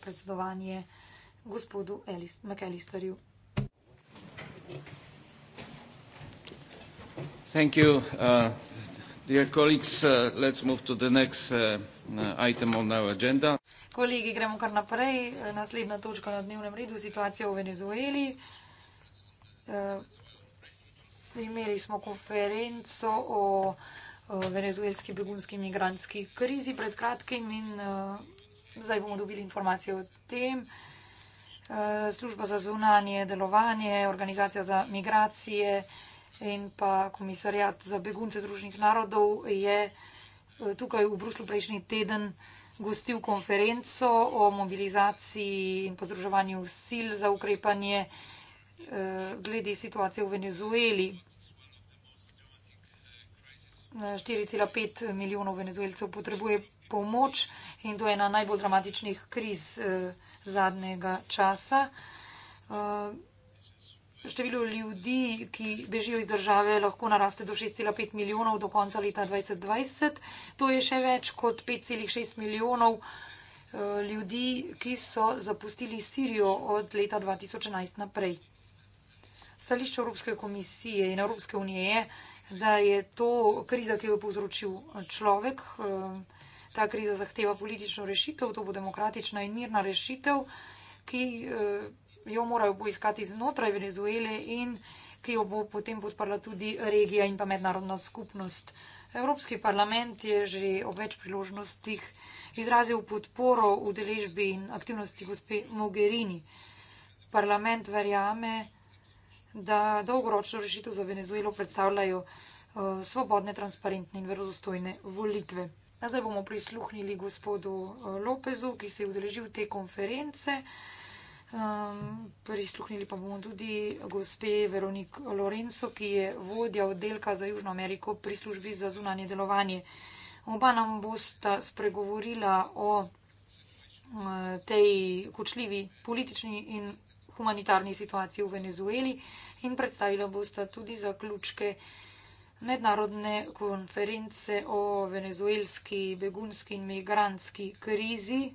predsedovanje gospodu McAllisterju. Thank you, uh, dear colleagues. Uh, let's move to the next uh, uh, item on our agenda. Kolegi, gremo kar naprej. Naslednja točka na dnevnem redu je situacija v Venezueli. Uh, imeli smo konferenco o uh, venezuelski begunski imigranski krizi pred kratkim in uh, zdaj bomo dobili informacije o tem. Eh, Služba za zunanje delovanje, organizacija za migracije in pa komisarjat za begunce Združenih narodov je eh, tukaj v Bruslu prejšnji teden gostil konferenco o mobilizaciji in pozdruževanju sil za ukrepanje eh, glede situacije v Venezueli. 4,5 milijonov venezuelcev potrebuje pomoč in to je ena najbolj dramatičnih kriz eh, zadnjega časa. Eh, število ljudi, ki bežijo iz države, lahko naraste do 6,5 milijonov do konca leta 2020. To je še več kot 5,6 milijonov eh, ljudi, ki so zapustili Sirijo od leta 2011 naprej. Stališče Evropske komisije in Evropske unije je, da je to kriza, ki jo je povzročil eh, človek. Eh, ta kriza zahteva politično rešitev, to bo demokratična in mirna rešitev, ki eh, jo morajo poiskati znotraj Venezuele in ki jo bo potem podprla tudi regija in pa mednarodna skupnost. Evropski parlament je že o več priložnostih izrazil podporo v deležbi in aktivnosti gospe Mogherini. Parlament verjame, da dolgoročno rešitev za Venezuelo predstavljajo eh, svobodne, transparentne in verodostojne volitve. A zdaj bomo prisluhnili gospodu eh, Lopezu, ki se je udeležil te konference. Um, prisluhnili pa bomo tudi gospe Veronik Lorenzo, ki je vodja oddelka za Južno Ameriko pri službi za zunanje delovanje. Oba nam bosta spregovorila o uh, tej kočljivi politični in humanitarni situaciji v Venezueli in predstavila bosta tudi zaključke mednarodne konference o venezuelski begunski in migranski krizi.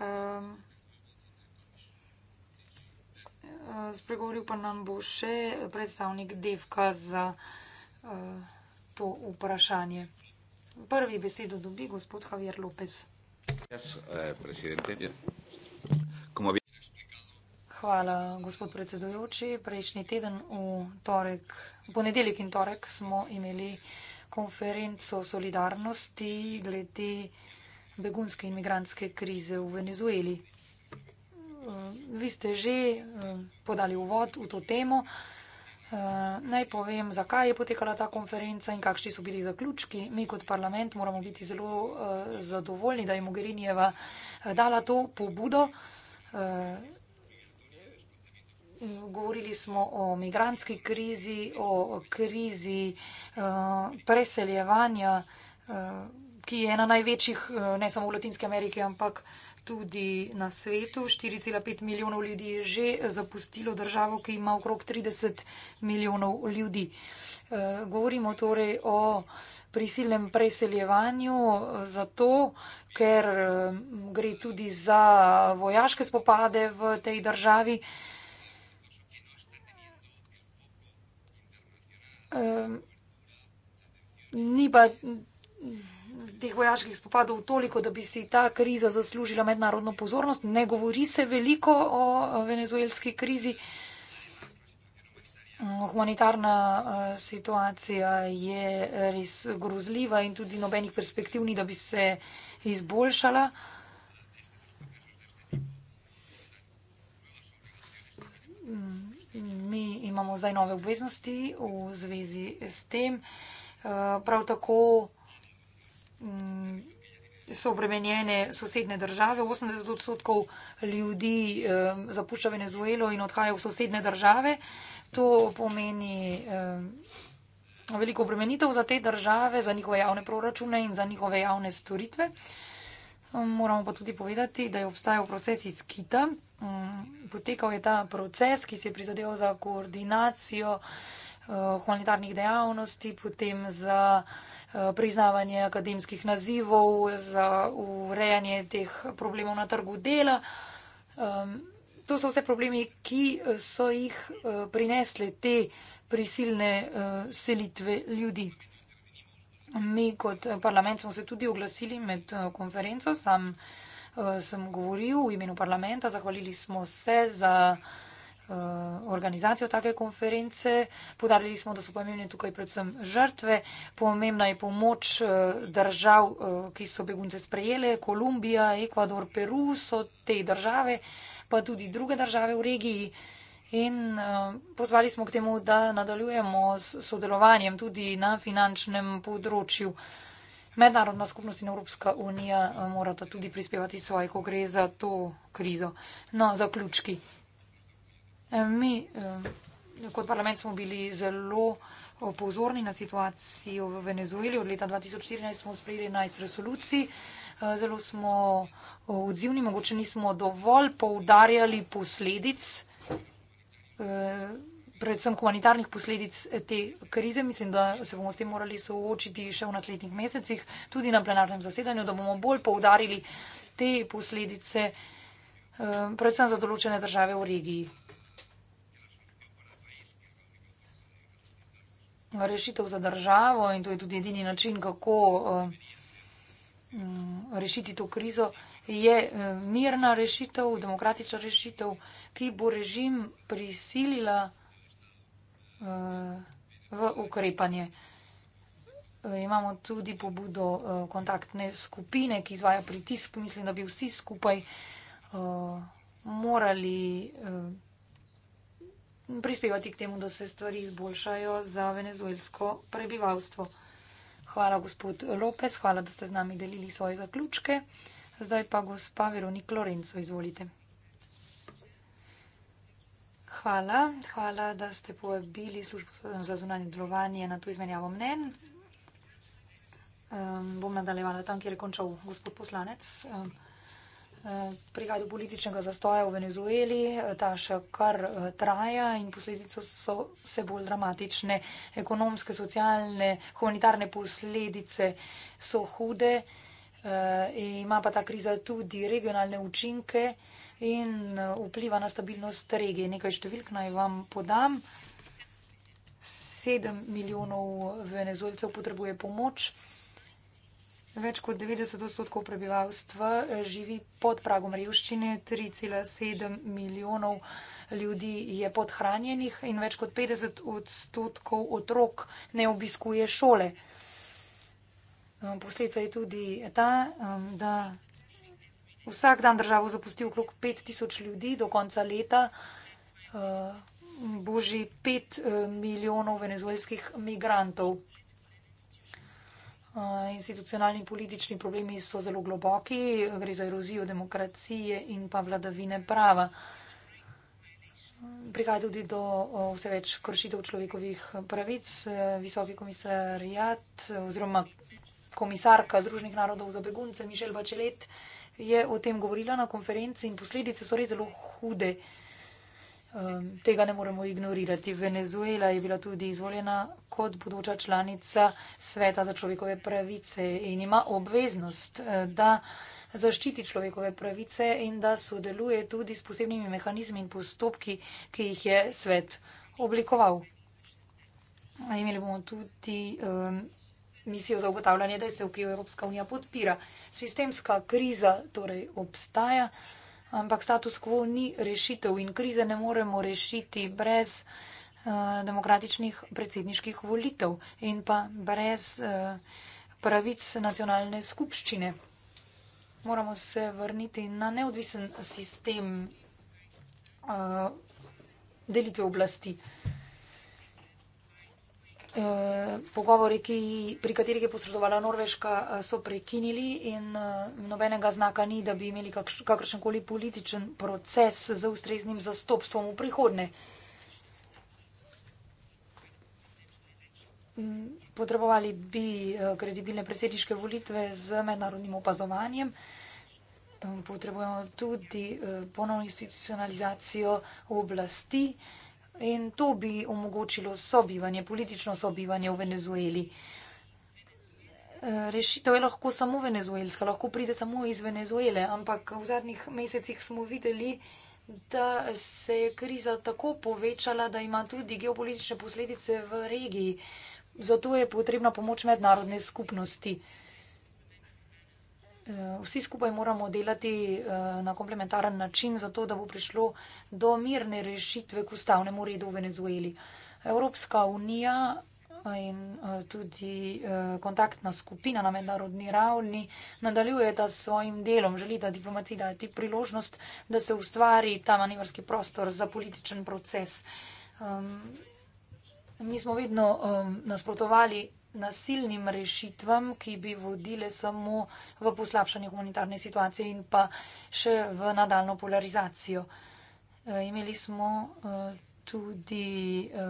Um, spregovoril pa nam bo še predstavnik Devka za uh, to vprašanje. Prvi besedo dobi gospod Javier Lopez. Yes, uh, Hvala, gospod predsedujoči. Prejšnji teden v torek, ponedeljek in torek smo imeli konferenco solidarnosti glede begunske in migranske krize v Venezueli. Vi ste že eh, podali uvod v to temo. Eh, naj povem, zakaj je potekala ta konferenca in kakšni so bili zaključki. Mi kot parlament moramo biti zelo eh, zadovoljni, da je Mogherinjeva dala to pobudo govorili smo o migrantski krizi, o krizi eh, preseljevanja, eh, ki je ena največjih eh, ne samo v Latinske Amerike, ampak tudi na svetu. 4,5 milijonov ljudi je že zapustilo državo, ki ima okrog 30 milijonov ljudi. Govorimo torej o prisilnem preseljevanju zato, ker gre tudi za vojaške spopade v tej državi. Um, ni pa teh vojaških spopadov toliko, da bi si ta kriza zaslužila mednarodno pozornost. Ne govori se veliko o venezuelski krizi. Humanitarna eh, situacija je res grozljiva in tudi nobenih perspektiv ni, da bi se izboljšala. imamo zdaj nove obveznosti v zvezi s tem. Eh, prav tako mm, so obremenjene sosedne države. 80 odstotkov ljudi eh, zapušča Venezuelo in odhaja v sosedne države. To pomeni eh, veliko obremenitev za te države, za njihove javne proračune in za njihove javne storitve. Moramo pa tudi povedati, da je obstajal proces iz Kita. Mm, potekal je ta proces, ki se je prizadeval za koordinacijo eh, humanitarnih dejavnosti, potem za eh, priznavanje akademskih nazivov, za urejanje teh problemov na trgu dela. To so vse problemi, ki so jih eh, prinesle te prisilne selitve ljudi. Mi kot parlament smo se tudi oglasili med eh, konferenco, sam eh, sem govoril v imenu parlamenta, zahvalili smo se za eh, organizacijo take konference, podarili smo, da so pomembne tukaj predvsem žrtve, pomembna je pomoč držav, ki so begunce sprejele, Kolumbija, Ekvador, Peru so te države, pa tudi druge države v regiji. In eh, pozvali smo k temu, da nadaljujemo s sodelovanjem tudi na finančnem področju. Mednarodna skupnost in Evropska unija eh, morata tudi prispevati svoje, ko gre za to krizo. No, zaključki. Eh, mi kot parlament smo bili zelo pozorni na situacijo v Venezueli. Od leta 2014 smo sprejeli 11 resolucij. Zelo smo odzivni, mogoče nismo dovolj poudarjali posledic predvsem humanitarnih posledic eh, te krize. Mislim, da se bomo s tem morali soočiti še v naslednjih mesecih, tudi na plenarnem zasedanju, da bomo bolj poudarili te posledice, eh, predvsem za določene države v regiji. Rešitev za državo in to je tudi edini način, kako eh, mm, rešiti to krizo je eh, mirna rešitev, demokratična rešitev, ki bo režim prisilila eh, v ukrepanje. Eh, imamo tudi pobudo kontaktne skupine, ki izvaja pritisk. Mislim, da bi vsi skupaj morali prispevati k temu, da se stvari izboljšajo za venezuelsko prebivalstvo. Hvala, gospod Lopes, hvala, da ste z nami delili svoje zaključke. Zdaj pa gospa Veronik Lorenco, izvolite. Hvala, hvala, da ste povabili službo za zunanje delovanje na to izmenjavo mnen. Um, bom nadaljevala tam, kjer je končal gospod poslanec. Um, Prihaja do političnega zastoja v Venezueli, ta še kar eh, traja in posledice so vse bolj dramatične. Ekonomske, socialne, humanitarne posledice so hude. Eh, ima pa ta kriza tudi regionalne učinke in eh, vpliva na stabilnost regije. Nekaj številk naj vam podam. 7 milijonov venezolcev potrebuje pomoč. Več kot 90 odstotkov prebivalstva eh, živi pod pragom revščine, 3,7 milijonov ljudi je podhranjenih in več kot 50 odstotkov otrok ne obiskuje šole. Um, posledica je tudi ta, um, da vsak dan državo zapusti okrog 5000 ljudi, do konca leta uh, bo že 5 uh, milijonov venezuelskih migrantov. Uh, institucionalni politični problemi so zelo globoki, gre za erozijo demokracije in pa vladavine prava. Prihaja tudi do vse več kršitev človekovih pravic. Visoki komisarijat oziroma komisarka Združenih narodov za begunce Mišel Bačelet je o tem govorila na konferenci in posledice so res zelo hude. Um, tega ne moremo ignorirati. Venezuela je bila tudi izvoljena kot bodoča članica Sveta za človekove pravice in ima obveznost, eh, da zaščiti človekove pravice in da sodeluje tudi s posebnimi mehanizmi in postopki, ki jih je svet oblikoval. Imeli bomo tudi um, misijo za ugotavljanje dejstev, ki jo Evropska unija podpira. Sistemska kriza torej obstaja, ampak status quo ni rešitev in krize ne moremo rešiti brez uh, demokratičnih predsedniških volitev in pa brez uh, pravic nacionalne skupščine. Moramo se vrniti na neodvisen sistem uh, delitve oblasti. Uh, Eh, pogovori, ki, pri katerih je posredovala Norveška, eh, so prekinili in eh, nobenega znaka ni, da bi imeli kakš, kakršenkoli političen proces z ustreznim zastopstvom v prihodne. Mm, potrebovali bi kredibilne predsedniške volitve z mednarodnim opazovanjem. Potrebujemo tudi ponovno institucionalizacijo oblasti in to bi omogočilo sobivanje, politično sobivanje v Venezueli. Eh, rešitev je lahko samo venezuelska, lahko pride samo iz Venezuele, ampak v zadnjih mesecih smo videli, da se je kriza tako povečala, da ima tudi geopolitične posledice v regiji. Zato je potrebna pomoč mednarodne skupnosti. Eh, vsi skupaj moramo delati eh, na komplementaren način, zato da bo prišlo do mirne rešitve k ustavnemu redu v Venezueli. Evropska unija eh, in tudi kontaktna skupina na mednarodni ravni nadaljuje ta s svojim delom, želi ta diplomacija dati priložnost, da se ustvari ta manevrski prostor za političen proces. Mi smo vedno nasprotovali nasilnim rešitvam, ki bi vodile samo v poslabšanje humanitarne situacije in pa še v nadaljno polarizacijo. E, imeli smo e, tudi e,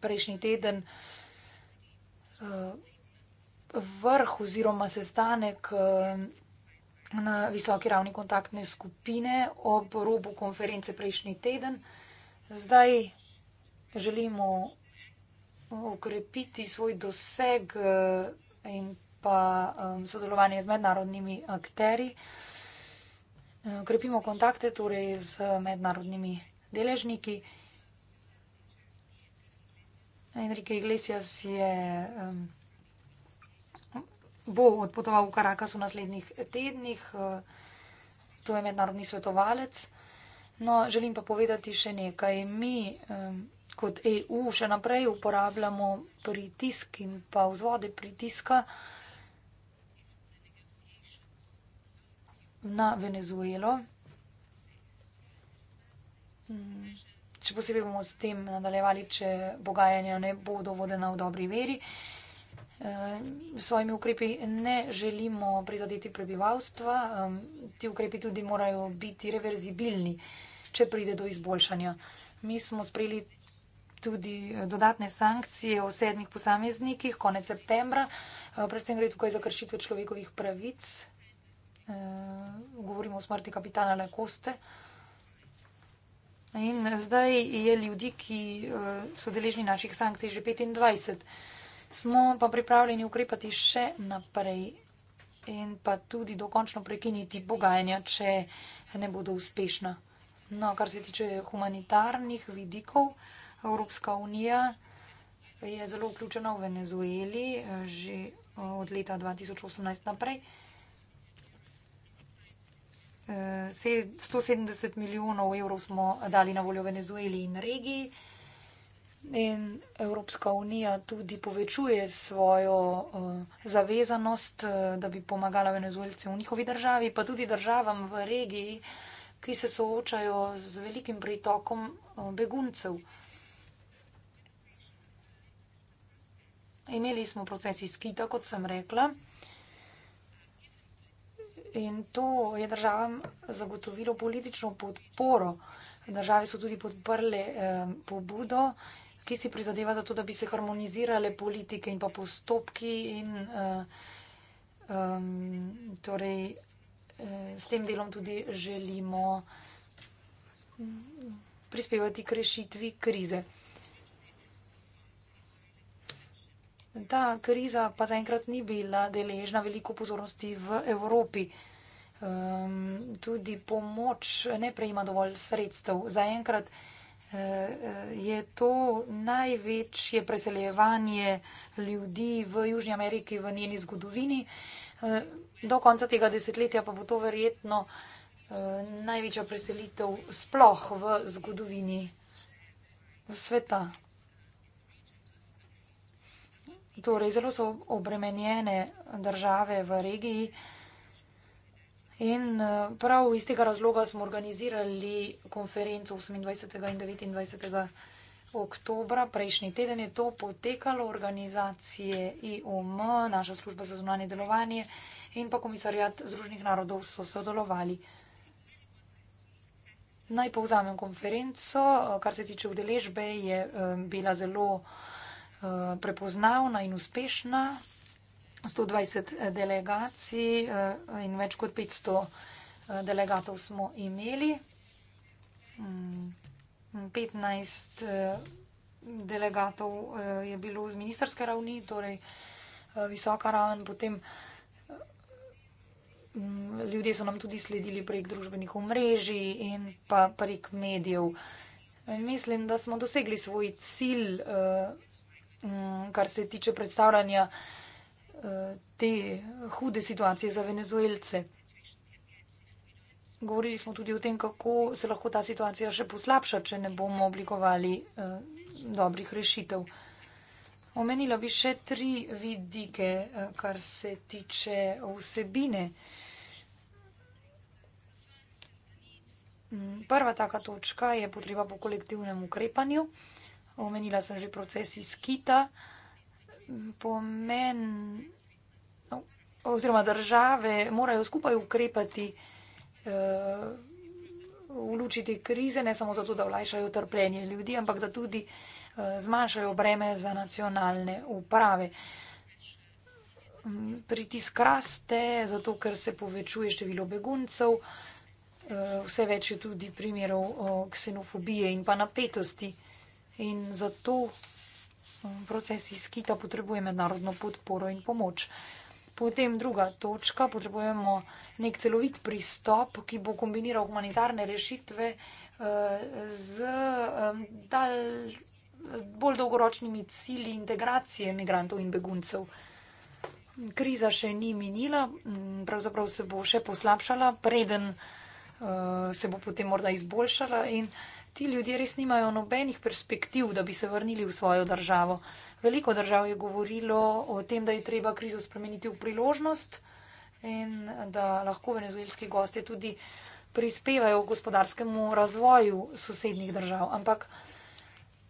prejšnji teden e, vrh oziroma sestanek e, na visoki ravni kontaktne skupine ob robu konference prejšnji teden. Zdaj želimo okrepiti svoj doseg eh, in pa eh, sodelovanje z mednarodnimi akteri. Eh, okrepimo kontakte torej z mednarodnimi deležniki. Enrique Iglesias je, bo odpotoval v Karakas v naslednjih tednih. To je mednarodni svetovalec. No, želim pa povedati še nekaj. Mi, um, kot EU še naprej uporabljamo pritisk in pa vzvode pritiska na Venezuelo. Če posebej bomo s tem nadaljevali, če bogajanja ne bodo vodena v dobri veri. Svojimi ukrepi ne želimo prizadeti prebivalstva, ti ukrepi tudi morajo biti reverzibilni, če pride do izboljšanja. Mi smo sprejeli tudi dodatne sankcije o sedmih posameznikih konec septembra. Eh, predvsem gre tukaj za kršitve človekovih pravic. Eh, govorimo o smrti kapitana Lekoste. In zdaj je ljudi, ki eh, so deležni naših sankcij, že 25. Smo pa pripravljeni ukrepati še naprej in pa tudi dokončno prekiniti pogajanja, če ne bodo uspešna. No, kar se tiče humanitarnih vidikov. Evropska unija je zelo vključena v Venezueli eh, že eh, od leta 2018 naprej. 170 eh, milijonov evrov smo dali na voljo Venezueli in regiji. In Evropska unija tudi povečuje svojo zavezanost, da bi pomagala venezuelcem v njihovi državi, pa tudi državam v regiji, ki se soočajo z velikim pritokom beguncev. Imeli smo proces izkita, kot sem rekla. In to je državam zagotovilo politično podporo. Države so tudi podprle eh, pobudo, ki si prizadeva za to, da bi se harmonizirale politike in pa postopki in eh, um, torej eh, s tem delom tudi želimo prispevati k rešitvi krize. Eh, Ta kriza pa zaenkrat ni bila deležna veliko pozornosti v Evropi. Um, tudi pomoč ne prejima dovolj sredstev. Zaenkrat uh, je to največje preseljevanje ljudi v Južnji Ameriki v njeni zgodovini. Uh, do konca tega desetletja pa bo to verjetno uh, največja preselitev sploh v zgodovini sveta. Torej, zelo so obremenjene države v regiji. In eh, prav iz tega razloga smo organizirali konferenco 28. in 29. oktobra. Prejšnji teden je to potekalo, organizacije IOM, naša služba za zunanje delovanje in pa komisarjat Združenih narodov so sodelovali. Naj povzamem konferenco, eh, kar se tiče udeležbe, je eh, bila zelo. Eh, prepoznavna in uspešna. 120 eh, delegacij eh, in več kot 500 delegatov smo imeli. 15 mm, delegatov je bilo z ministerske ravni, torej visoka raven. Potem mm, ljudje so nam tudi sledili prek družbenih omrežij in pa prek medijev. Mislim, da smo dosegli svoj cilj. Mm, kar se tiče predstavljanja eh, te hude situacije za venezuelce. Govorili smo tudi o tem, kako se lahko ta situacija še poslabša, če ne bomo oblikovali eh, dobrih rešitev. Omenila bi še tri vidike, eh, kar se tiče vsebine. Mm, prva taka točka je potreba po kolektivnem ukrepanju omenila sem že proces iz Kita, pomen no, oziroma države morajo skupaj ukrepati, eh, vlučiti krize, ne samo zato, da vlajšajo trplenje ljudi, ampak da tudi eh, zmanjšajo breme za nacionalne uprave. Pritisk raste, zato ker se povečuje število beguncev, eh, vse več je tudi primerov ksenofobije in pa napetosti. In zato um, proces iz Kita potrebuje mednarodno podporo in pomoč. Potem druga točka, potrebujemo nek celovit pristop, ki bo kombiniral humanitarne rešitve eh, z dal, bolj dolgoročnimi cilji integracije migrantov in beguncev. Kriza še ni minila, pravzaprav se bo še poslabšala, preden eh, se bo potem morda izboljšala in ti ljudje res nimajo nobenih perspektiv, da bi se vrnili v svojo državo. Veliko držav je govorilo o tem, da je treba krizo spremeniti v priložnost in da lahko venezuelski gosti tudi prispevajo gospodarskemu razvoju sosednjih držav. Ampak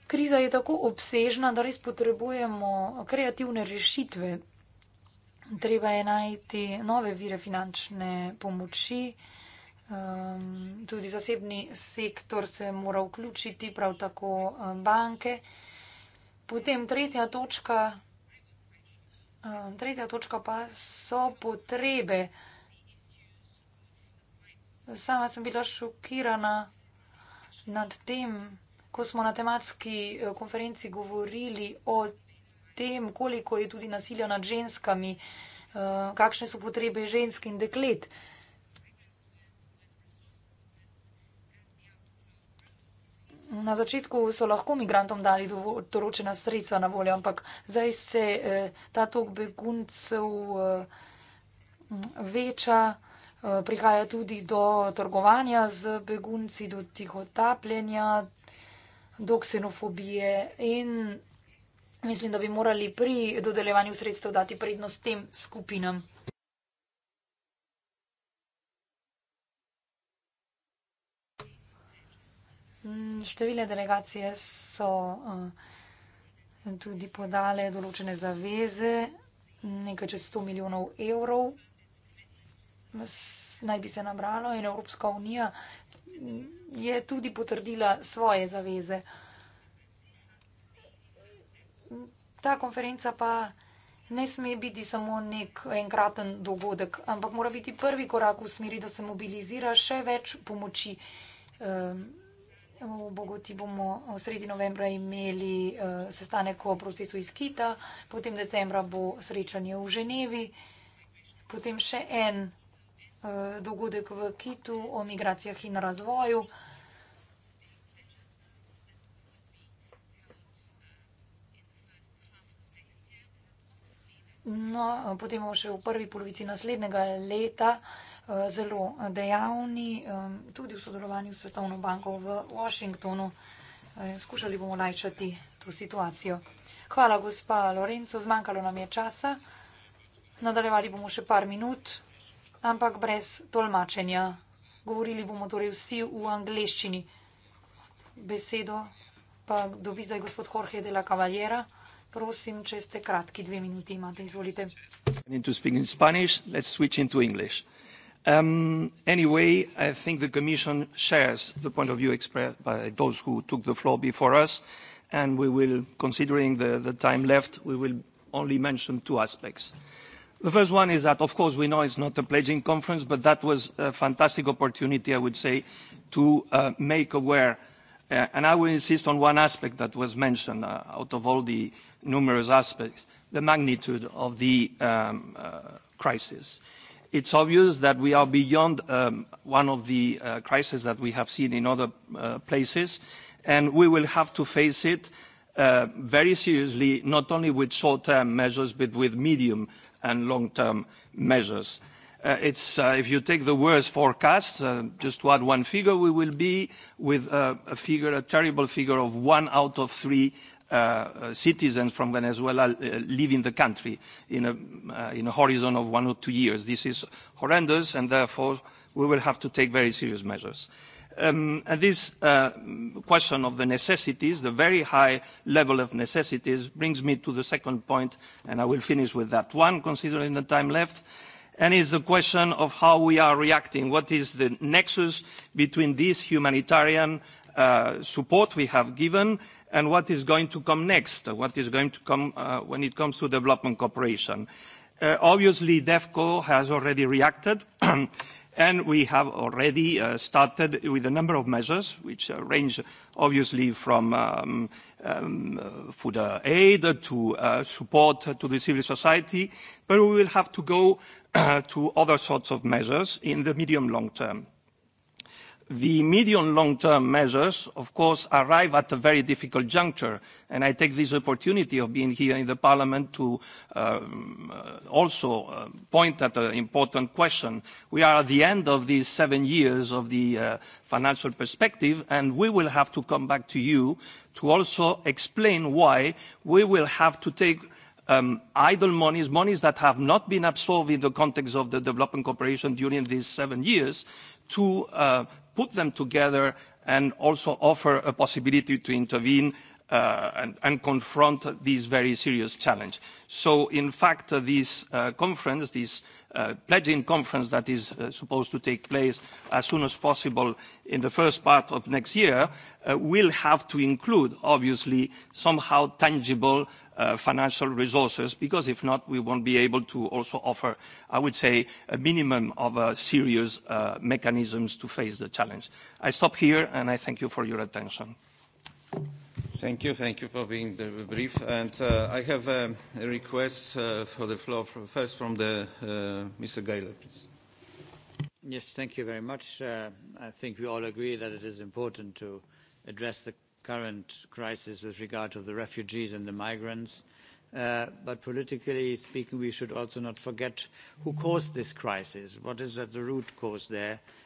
kriza je tako obsežna, da res potrebujemo kreativne rešitve. Treba je najti nove vire finančne pomoči. Um, tudi zasebni sektor se mora vključiti, prav tako um, banke. Potem tretja točka, um, tretja točka pa so potrebe. Sama sem bila šokirana nad tem, ko smo na tematski eh, konferenci govorili o tem, koliko je tudi nasilja nad ženskami, uh, kakšne so potrebe žensk in deklet. Uh, na začetku so lahko migrantom dali določena sredstva na voljo, ampak zdaj se eh, ta tok beguncev eh, veča, eh, prihaja tudi do trgovanja z begunci, do tihotapljenja, do ksenofobije in mislim, da bi morali pri dodelevanju sredstev dati prednost tem skupinam. Mm, številne delegacije so eh, tudi podale določene zaveze, nekaj čez 100 milijonov evrov naj bi se nabralo in Evropska unija mm, je tudi potrdila svoje zaveze. Ta konferenca pa ne sme biti samo nek enkraten dogodek, ampak mora biti prvi korak v smeri, da se mobilizira še več pomoči vsega. Eh, V Bogoti bomo v eh, sredi novembra imeli eh, sestanek o procesu iz Kita, potem decembra bo srečanje v Ženevi, potem še en eh, dogodek v Kitu o migracijah in razvoju. No, potem bomo še v prvi polovici naslednjega leta eh, zelo dejavni, tudi v sodelovanju s Svetovno banko v Washingtonu. Eh, skušali bomo lajčati to situacijo. Hvala, gospa Lorenzo, zmanjkalo nam je časa. Nadaljevali bomo še par minut, ampak brez tolmačenja. Govorili bomo torej vsi v angleščini. Besedo pa dobi zdaj gospod Jorge de la Cavaliera. Prosim, če ste kratki, dve minuti imate, izvolite. To speak in Spanish, let's switch into English. Um, anyway, I think the Commission shares the point of view expressed by those who took the floor before us, and we will, considering the, the time left, we will only mention two aspects. The first one is that, of course, we know it's not a pledging conference, but that was a fantastic opportunity, I would say, to uh, make aware. Uh, and I will insist on one aspect that was mentioned uh, out of all the numerous aspects, the magnitude of the um, uh, crisis. It's obvious that we are beyond um, one of the uh, crises that we have seen in other uh, places, and we will have to face it uh, very seriously, not only with short-term measures, but with medium and long-term measures. Uh, it's, uh, if you take the worst forecast, uh, just to add one figure, we will be with uh, a figure, a terrible figure of one out of three Uh, uh, citizens from Venezuela uh, leaving the country in a, uh, in a horizon of one or two years. This is horrendous, and therefore we will have to take very serious measures. Um, and this uh, question of the necessities, the very high level of necessities, brings me to the second point, and I will finish with that one, considering the time left, and is the question of how we are reacting. What is the nexus between this humanitarian uh, support we have given and what is going to come next, what is going to come uh, when it comes to development cooperation. Uh, obviously, DevCo has already reacted, and we have already uh, started with a number of measures, which range obviously from um, um, food aid to support to the civil society, but we will have to go to other sorts of measures in the medium long term. The medium long-term measures, of course, arrive at a very difficult juncture, and I take this opportunity of being here in the parliament to um, uh, also uh, point at an important question. We are at the end of these seven years of the uh, financial perspective, and we will have to come back to you to also explain why we will have to take um, idle monies, monies that have not been absorbed in the context of the development cooperation during these seven years, to put them together and also offer a possibility to intervene uh, and, and confront this very serious challenge. So, in fact, uh, this uh, conference, this Uh, pledging conference that is uh, supposed to take place as soon as possible in the first part of next year uh, will have to include, obviously, somehow tangible uh, financial resources, because if not, we won't be able to also offer, I would say, a minimum of uh, serious uh, mechanisms to face the challenge. I stop here, and I thank you for your attention. Thank you. Thank you. Thank you for being brief. Uh, I have um, a request uh, for the floor first from uh, Mr. Gaillard, please. Yes. Thank you very much. I think we all agree that it is important to address the current crisis with regard to the refugees and the migrants. Politically speaking, we should also not forget who caused this crisis. What is at the root cause there?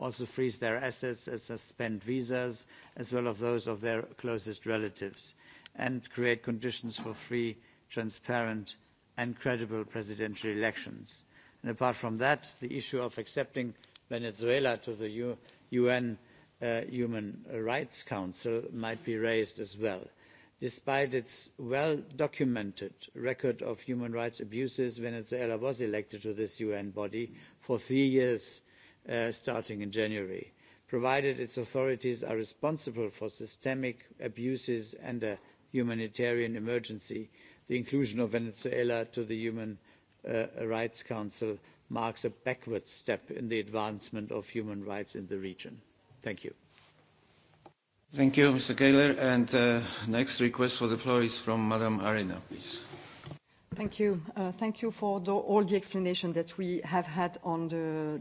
also freeze their assets and suspend visas, as well as those of their closest relatives, and create conditions for free, transparent, and credible presidential elections. Apart from that, the issue of accepting Venezuela to the UN uh, Human Rights Council might be raised as well. Despite its well-documented record of human rights abuses, Venezuela was elected to this UN body for three years Uh, starting in January, provided its authorities are responsible for systemic abuses and a humanitarian emergency. The inclusion of Venezuela to the Human uh, Rights Council marks a backward step in the advancement of human rights in the region. Thank you. Thank you, Mr. Kehler. And uh, next request for the floor is from Madam Arena, please. Thank you. Uh, thank you for all the explanation that we have had on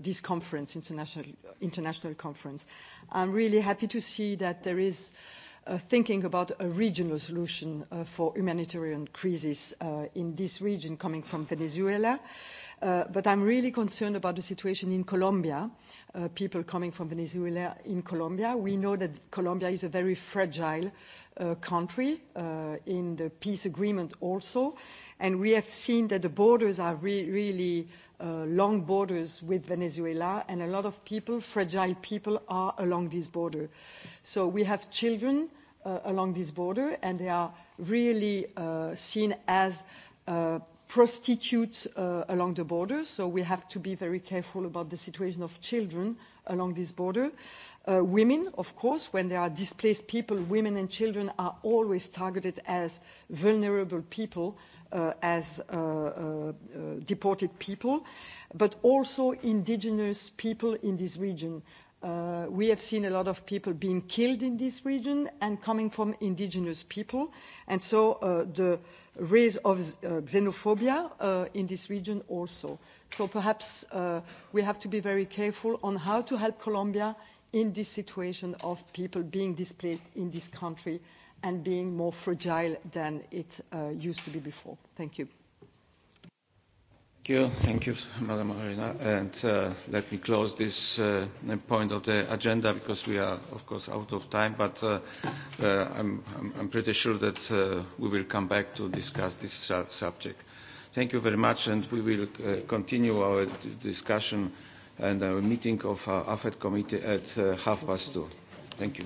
this conference, international conference. I'm really happy to see that there is uh, thinking about a regional solution uh, for humanitarian crisis in this region coming from Venezuela. But I'm really concerned about the situation in Colombia, people coming from Venezuela in Colombia. We know that Colombia is a very fragile Uh, country uh, in the peace agreement also. And we have seen that the borders are re really uh, long borders with Venezuela and a lot of people, fragile people, are along this border. So we have children uh, along this border and they are really uh, seen as uh, prostitutes uh, along the border. So we have to be very careful about the situation of children along this border. Uh, women, of course, when there are displaced people, women and children are always targeted as vulnerable people, uh, as uh, deported people, but also indigenous people in this region. We have seen a lot of people being killed in this region and coming from indigenous people. And so the rise of xenophobia in this region also. So perhaps we have to be very careful on how to help Colombia in this situation of people being displaced in this country and being more fragile than it uh, used to be before. Thank you. Thank you, Thank you Madam Marina. And uh, let me close this uh, point of the agenda because we are, of course, out of time. But uh, uh, I'm, I'm, I'm pretty sure that uh, we will come back to discuss this su subject. Thank you very much, and we will uh, continue our discussion and a meeting of our uh, AFET committee at uh, half past two. Thank you.